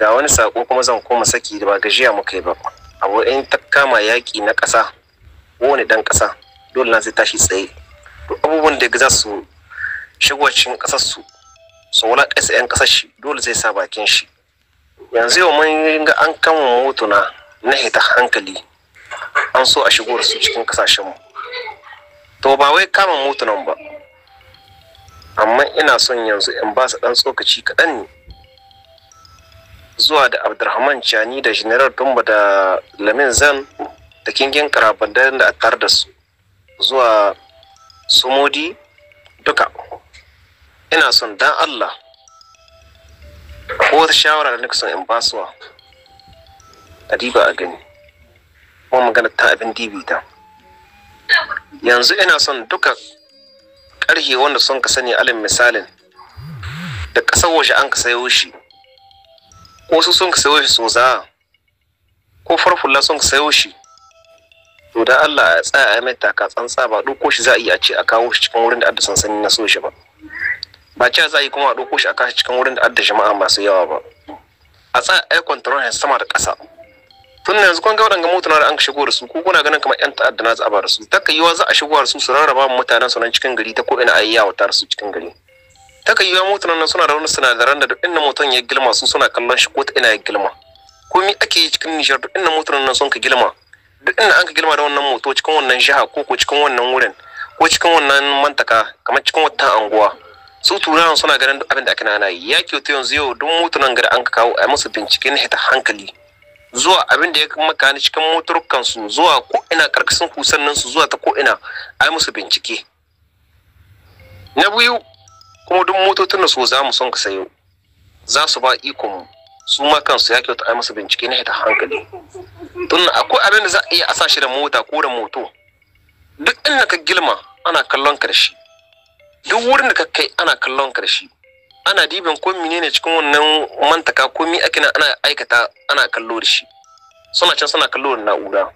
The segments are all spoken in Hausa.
ga wani sako kuma zan koma saki da ba gajiya muka yi ba abu in ta kama yaƙi na ƙasa wani ɗan ƙasa dole na zai tashi tsaye to abubuwan da za su shigo cikin ƙasar su su ƙasa 'yan ƙasar shi dole zai sa bakin shi yanzu yau mun ga an kama motuna na hita hankali an so a shigo da su cikin ƙasashenmu to ba wai kama motunan ba amma ina son yanzu in ba su ɗan tsokaci kaɗan ne zuwa da abdurrahman chani da general tumba da lamin zan da kingin karaban da a da su zuwa sumudi duka ina son dan allah ko wata shawara da nixon in basuwa a diba a gani kuma magana ta abin dibi ta yanzu ina son duka ƙarhe wanda son ka sani alin misalin da ƙasar waje an ka sayo shi wasu sun sayo shi soza ko farfulla sun sayo shi to da Allah ya tsaya ya mai taka tsantsa ba ɗauko shi za a yi a ce a kawo shi cikin wurin da adda sansani na so shi ba ba ce za a yi kuma a ɗauko shi a kawo cikin wurin da adda jama'a masu yawa ba a tsaya a yi kwantaron sama da ƙasa tun da yanzu kun ga waɗanga mutuna da an shigo da su ko kuna ganin kamar yan ta'adda na za a ba da su takka yiwa za a shigo da su su rarraba mutanen su nan cikin gari ta ko ina a yi su cikin gari taka yiwa motunan nan suna da wani sinadaran da duk inda motan ya gilma sun suna kallon shi ko ta ina ya gilma komi ake yi cikin nishar duk inda motunan nan sun ka gilma duk inda an ka gilma da wannan moto cikin wannan jiha ko ko cikin wannan wurin ko cikin wannan mantaka kamar cikin wata anguwa su turawan suna ganin duk abin da ake nana ya kyoto yanzu yau duk motunan gari an ka kawo a musu binciken hita hankali zuwa abin da ya maka ni cikin motar su zuwa ko ina karkashin kusan nan su zuwa ta ko ina a musu bincike na biyu kuma duk motocin da so za mu son ka sayo za su ba ikon su ma kansu ya kyauta a masa bincike na hita hankali tun akwai abin da za a iya a shi da mota ko da moto duk inda ka gilma ana kallon karshe duk wurin da ka kai ana kallon karshe ana dibin ko menene cikin wannan mantaka ko mi ake ana aikata ana kallo da shi suna can suna kallo da na'ura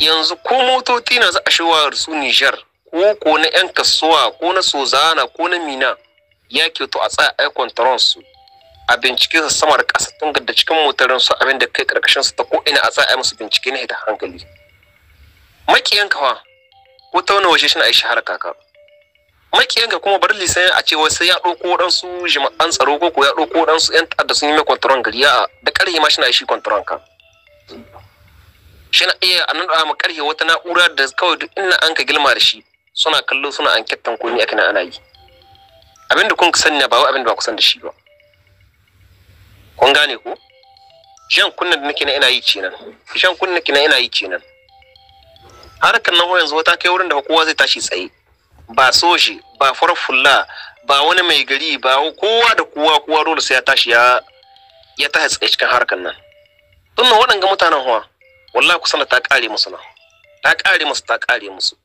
yanzu ko motoci na za a shawar su Nijar ko ko na 'yan kasuwa ko na sozana ko na mina ya to a tsaya ai kwantaron su a bincike su sama da ƙasa tun da cikin motarin su abin da kai karkashin su ta ko ina a tsaya musu bincike ne da hankali makiyan kawa ko ta wani waje shi na aishi har kaka makiyan ka kuma bar lisan a ce wai sai ya ɗauko waɗansu jima'an tsaro ko ko ya ɗauko waɗansu 'yan ta'adda sun yi mai kwantaron gari ya da ƙarhi ma shi na aishi kwantaron ka shi na iya a nan da karhe wata na'ura da kawai duk ina an ka gilma da shi suna kallo suna kyattan ko ni akan ana yi abinda kun sanya ba wai abinda ba ku san da shi ba kun gane ko jan kunna da nake na ina yi kenan jan kunna nake na ina yi kenan harkar nan yanzu wata kai wurin da kowa zai tashi tsaye ba soji ba farfulla ba wani mai gari ba kowa da kowa kowa dole sai ya tashi ya ya tashi tsaye cikin harkar nan tunan waɗanga mutanen huwa wallahi kusan ta ƙare musu nan ta kare musu ta ƙare musu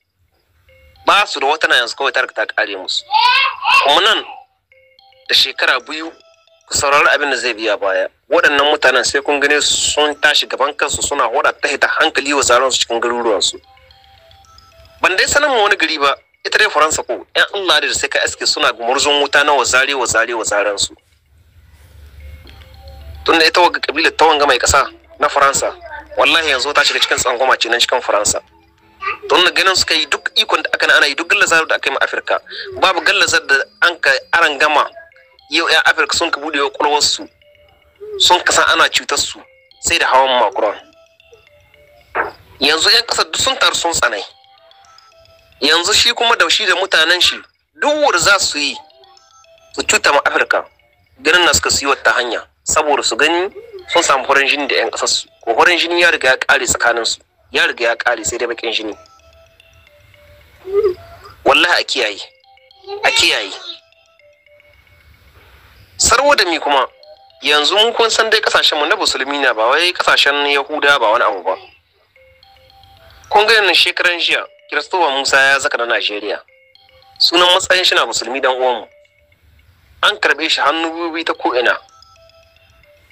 ba su da wata na yanzu kawai tarka ta kare musu kuma nan da shekara biyu ku saurari abin da zai biya baya waɗannan mutanen sai kun gane sun tashi gaban kansu suna hoda ta hita hankali wa tsaron su cikin garuruwansu ban dai sanin wani gari ba ita dai faransa ko yan allah da sai ka aske suna gumurzun wuta na wazare wazare wazaren su tunda ita wa kabilar ta wanga mai kasa na faransa wallahi yanzu ta shiga cikin tsangwama ce nan cikin faransa Don wannan ganin suka yi duk ikon da aka ana yi duk gallazar da aka yi ma afirka babu gallazar da an ka aran gama yau ya afirka sun ka bude wa kwalwarsu sun ka san ana cutar su sai da hawan macron yanzu yan kasar duk sun taru sun tsanai yanzu shi kuma da shi da mutanen shi duk wanda za su yi su cuta ma afirka ganin na suka su yi wata hanya saboda su gani sun samu horon jini da yan kasar su ko horon jini ya riga ya kare tsakanin su ya riga ya kare sai dai bakin shi ne wallahi a kiyaye a kiyaye sarwo da mi kuma yanzu mun kun san dai kasashen mu na musulmi na ba wai kasashen yahuda ba wani abu ba kun ga shekaran jiya kiristowa musa ya zaka na najeriya sunan matsayin shi na musulmi dan uwanmu an karbe shi hannu biyu ta ko'ina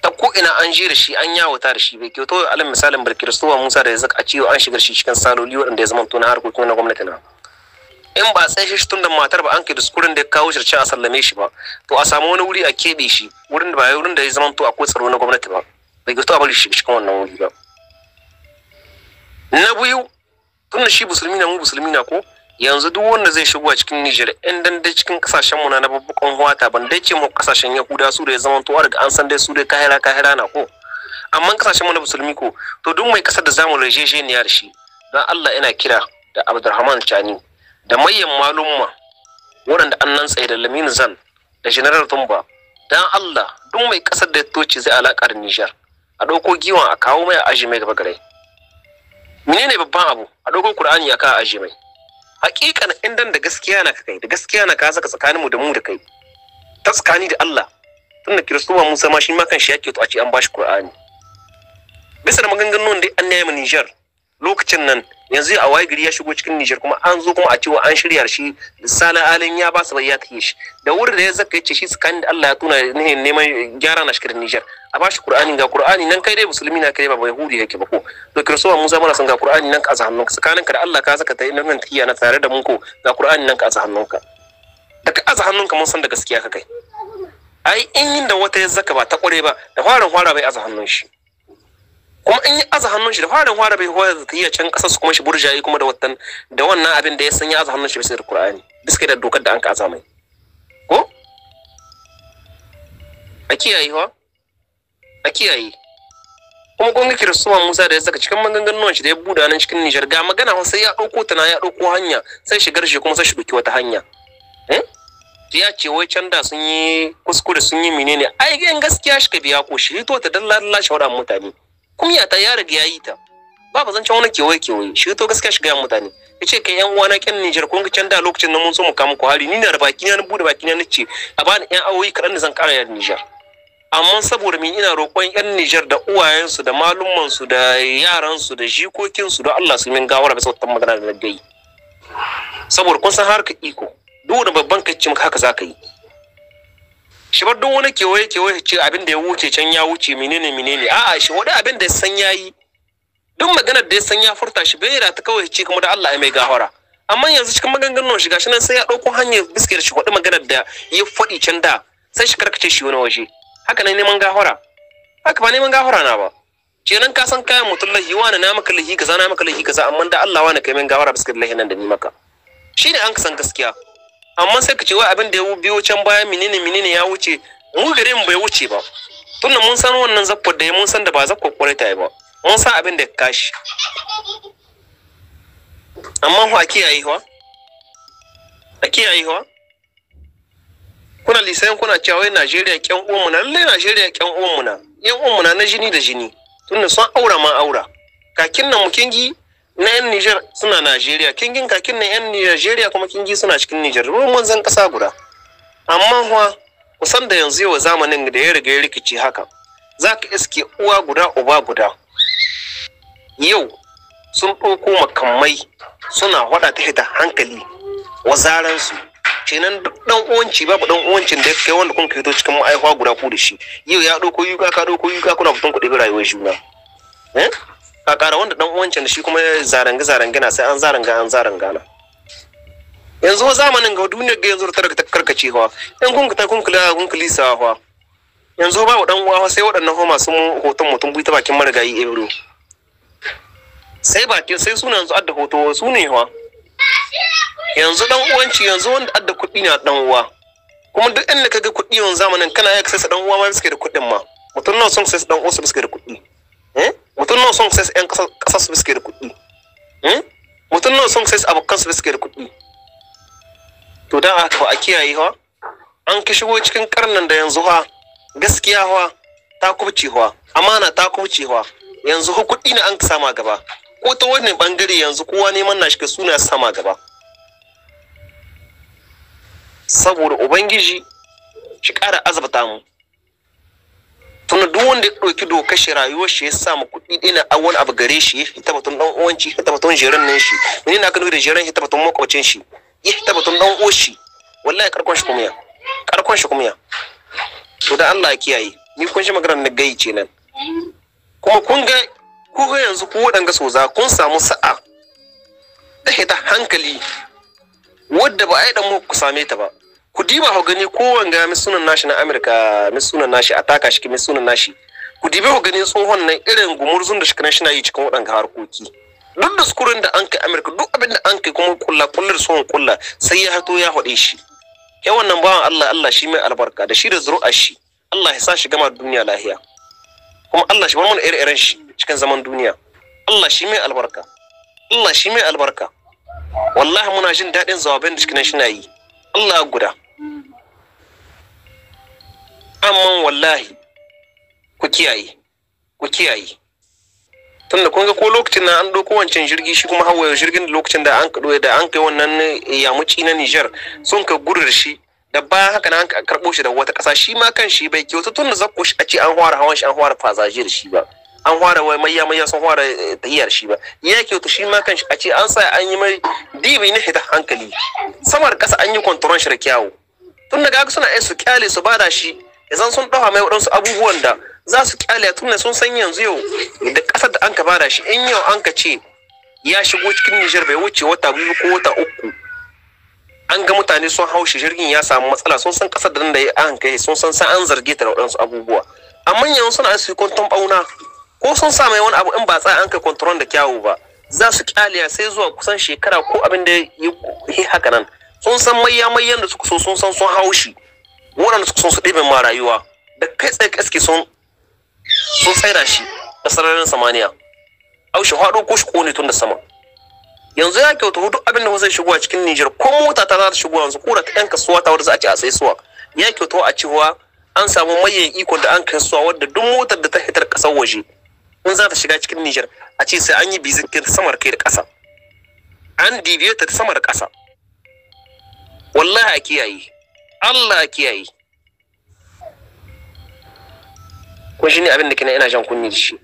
ta ko ina an ji da shi an ya wuta da shi bai to alal misalin barkiristowa musa da ya zaka a cewa an shigar shi cikin saloli waɗanda ya zama tona harkokin na gwamnati na in ba tsaye shi tun da matar ba an kai duskurin da ya kawo shirce a sallame shi ba to a samu wani wuri a keɓe shi wurin da ba wurin da ya zama to akwai tsaro na gwamnati ba bai to a bari shi cikin wannan wuri ba na biyu tun da shi musulmi na mu musulmi na ko yanzu duk wanda zai shigo cikin Nijar in dan dai cikin kasashen mu na na wata huwata ban dai ce mu kasashen Yahuda su da ya zama to daga an san dai su dai kahira kahira na ko amma kasashen mu na musulmi ko to duk mai kasar da zamu ne yar shi dan Allah ina kira da Abdurrahman Chani da mayan malumma waɗanda an nan tsaye da Lamin Zan da General Tumba dan Allah duk mai kasar da ya toce zai alaka da Nijar a dauko giwan a kawo mai a aji mai gaba gare menene babban abu a ɗauko Qur'ani ya kawo aji hakikan indan da gaskiya na kai da gaskiya na ka tsakanin mu da mu da kai ta tsakani da Allah tun da kiristuwa Musa ma shi ma kan shi yake to a ce an bashi Qur'ani bisa da maganganun da an yi Niger lokacin nan yanzu a waye gari ya shigo cikin Nijar kuma an zo kuma a cewa an shirya shi sala alin ya ba su bai ya shi da wurin da ya zaka yace shi tsakanin da Allah ya tuna ne neman gyara na shirin Nijar a bashi Qur'ani ga Qur'ani nan kai dai musulmi na kai ba ba Yahudi yake ba ko to Kirsowa Musa na son ga Qur'ani nan ka hannun ka tsakanin ka da Allah ka zaka ta yi nan tiya na tare da mun ko ga Qur'ani nan ka hannun ka da ka aza hannun ka mun san da gaskiya ka kai ai in da wata ya zaka ba ta kware ba da farin fara bai aza shi kuma in ya aza hannun shi da farin fara bai hoya da tafiya can kasa su kuma shi burjayi kuma da watan da wannan abin da ya san ya aza hannun shi bisa da Qur'ani bisa da dokar da an ka aza mai ko a kiyaye wa a kiyaye kuma kun ga kiristoma Musa da ya saka cikin maganganuwan shi da ya buda nan cikin Nijar ga magana sai ya ɗauko ta na ya ɗauko hanya sai shigar shi kuma sai shi doki wata hanya eh? ya ce wai can da sun yi kuskure sun yi menene ai gaskiya shi ka biya ko shi to ta dalla dalla shawara mutane kunya ta ya riga ya ta ba ba zancen wani kewaye kewaye shi to gaskiya shiga mutane yace ce kai yan uwana kyan Nijar kun can da lokacin nan mun so mu kama hari ni na da baki na bude baki na nace a bani yan awoyi kaɗan da zan kara yan Nijar amma saboda min ina roƙon yan Nijar da uwayensu da su da yaransu da jikokin su da Allah su min gawara bisa wata magana da na saboda kun san harka iko duk da babban kacce muka haka zaka yi shi bar duk wani kewaye kewaye ce abin da ya wuce can ya wuce menene menene a'a shi wani abin da ya san yayi duk maganar da ya san ya furta shi bai ta kawai ce kuma da Allah ya mai gahara amma yanzu cikin maganganun shi gashi nan sai ya dauko hanyar biskiyar shi wani maganar da ya fadi can da sai shi karkace shi wani waje haka nan neman gahara haka ba neman gahara na ba nan ka san kayan mutum lahi wani na maka lahi kaza na maka lahi kaza amma da Allah wani kai min gawara biskit lahi nan da ni maka shi ne an san gaskiya amma sai ka ce wa abin da ya biyo can baya menene menene ya wuce mu gare mu bai wuce ba tunda mun san wannan zakko da ya mun san da ba zakko kwarai ta ba mun san abin da ya kashi amma ku a yayi ho a yayi wa kuna lisan kuna cewa wai Najeriya kyan mu na lalle Najeriya kyan mu na yan uwanmu na na jini da jini tunda sun aura ma aura kakin nan mu kingi na yan Nijar suna Najeriya kingin kakin na yan Najeriya kuma kingi suna cikin Nijar ruwan manzan ƙasa guda amma kuwa kusan da yanzu yau zamanin da ya riga ya rikici haka za ka iske uwa guda uba guda yau sun ɗauko makamai suna waɗa ta hita hankali zaransu. kenan dan uwanci babu dan uwancin da kai wanda kun fito cikin ma'aikawa guda ku da shi yau ya ɗauko yuka ka ɗauko yuka kuna fitan kuɗi rayuwar juna eh? ka kara wanda dan uwancin da shi kuma zaranga zarange na sai an zaranga an zaranga na yanzu zamanin ga duniyar ga yanzu ta karkace hawa in kun ta kun kula kun kulisa hawa yanzu ba wa dan uwa sai waɗannan hawa masu hoton mutum bi ta bakin marigayi ebro sai bakin sai suna yanzu adda hoto su ne hawa yanzu dan uwanci yanzu wanda adda kuɗi na dan uwa kuma duk inda kaga kuɗi yawan zamanin kana ya kasance dan uwa ma suke da kuɗin ma mutum nawa sun sai dan uwa suke da kuɗi eh mutum nawa sun sai yan kasar su suke da kuɗi hmm? mutum nawa sun sai abokan su suke da kuɗi to dan haka ba a kiyaye hawa an ka shigo cikin karnan da yanzu ha gaskiya hawa ta kubuce hawa amana ta kubuce hawa yanzu ha kuɗi ne an sama gaba ko ta wani bangare yanzu kowa neman na shiga suna sama gaba saboda ubangiji shi ƙara azabta mu kuma duk wanda ya ɗauki dokar shi rayuwar shi ya samu kuɗi ɗina a wani abu gare shi ya hita batun ɗan uwan shi hita batun jiran nan shi mene na kan da jiran hita batun makwabcin shi ya hita batun ɗan uwan shi wallahi karkon shi kuma ya karkon shi kuma ya to da Allah ya kiyaye ni kun shi magana na gayi ce nan kuma kun ga ko ga yanzu ko waɗanga soza kun samu sa'a ta hita hankali wadda ba a yi ɗan ku same ta ba ku diba ku gani kowanne ga sunan nashi na Amurka sunan nashi a taka shi sunan nashi ku dibe ku gani tsohon nan irin gumurzun da shi shi na yi cikin waɗannan harkoki duk da sukurin da an kai Amurka duk abin da an kai kuma kulla kullar tsohon kulla sai ya hato ya hode shi kai wannan bawan Allah Allah shi mai albarka da shi da zuru'a shi Allah ya sa shi gama duniya lahiya kuma Allah shi bar mana ire-iren shi cikin zaman duniya Allah shi mai albarka Allah shi mai albarka wallahi muna jin daɗin zawabin da shi na yi Allah guda amma wallahi ku kiyaye ku kiyaye tunda kun ga ko lokacin na an ɗauko wancan jirgi shi kuma hawaye jirgin lokacin da an kaɗo da an kai wannan eh, yamuci na Nijar sun ka gurar shi da ba haka na an karɓo shi da wata ƙasa shi ma kan shi bai kyautu tun da zakko shi a ce an hwara hawan shi an hwara fasajiyar shi ba an hwara wai mayya mayya sun hwara eh, tahiyar shi ba ya kyautu shi ma kan shi a ce an sa an yi mai dibi na hita hankali samar ƙasa an yi kwantoron shi da kyawu tun daga haka suna su kyale su bada shi zan sun ɗawa mai waɗansu abubuwan da za su ƙyale tun da sun san yanzu yau da ƙasar da an ka bada shi in yau an ka ce ya shigo cikin Nijar bai wuce wata biyu ko wata uku an ga mutane sun hau shi jirgin ya samu matsala sun san ƙasar da nan da ya an kai sun san sa an zarge ta da waɗansu abubuwa amma yanzu suna su yi kwanton ɓauna ko sun sa mai wani abu in ba tsaya an kai kwantaron da kyawu ba za su kyale sai zuwa kusan shekara ko abin da ya yi haka nan sun san mayya mayyan da suka so sun san sun hau waɗanda suka son su ɗibe ma rayuwa da kai tsaye kaske sun sun tsaida shi da sararin samaniya au shi haɗo ko shi ƙone tun da sama yanzu ya kyauta hudu abin da zai shigo a cikin Nijar ko mota ta za ta shigo yanzu ko ta yan kasuwa ta wadda za a ce a sai suwa ya kyauta a cewa an samu mayan iko da an kai suwa wadda duk motar da ta hitar kasar waje in za ta shiga cikin Nijar a ce sai an yi bizikin samar kai da ƙasa an dibiye ta samar ƙasa wallahi a kiyaye Allah kiyaye ko ne abin da kina ina jan kunni da shi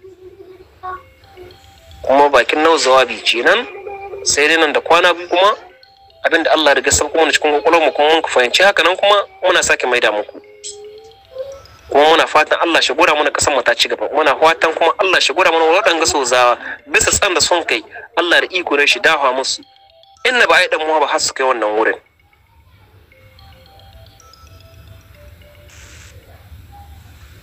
kuma bakin nau zawabi kenan sai dai nan da kwana biyu kuma abin da Allah riga sabko mana cikin kokolon mu kuma mun ku fahimci haka nan kuma muna sake maida muku kuma muna fatan Allah shi gura mana kasan mata ci gaba muna fatan kuma Allah shi gura mana wadan ga sozawa bisa tsan da son kai Allah da iko ne shi dafa musu inna ba ai dan mu ba har su kai wannan wurin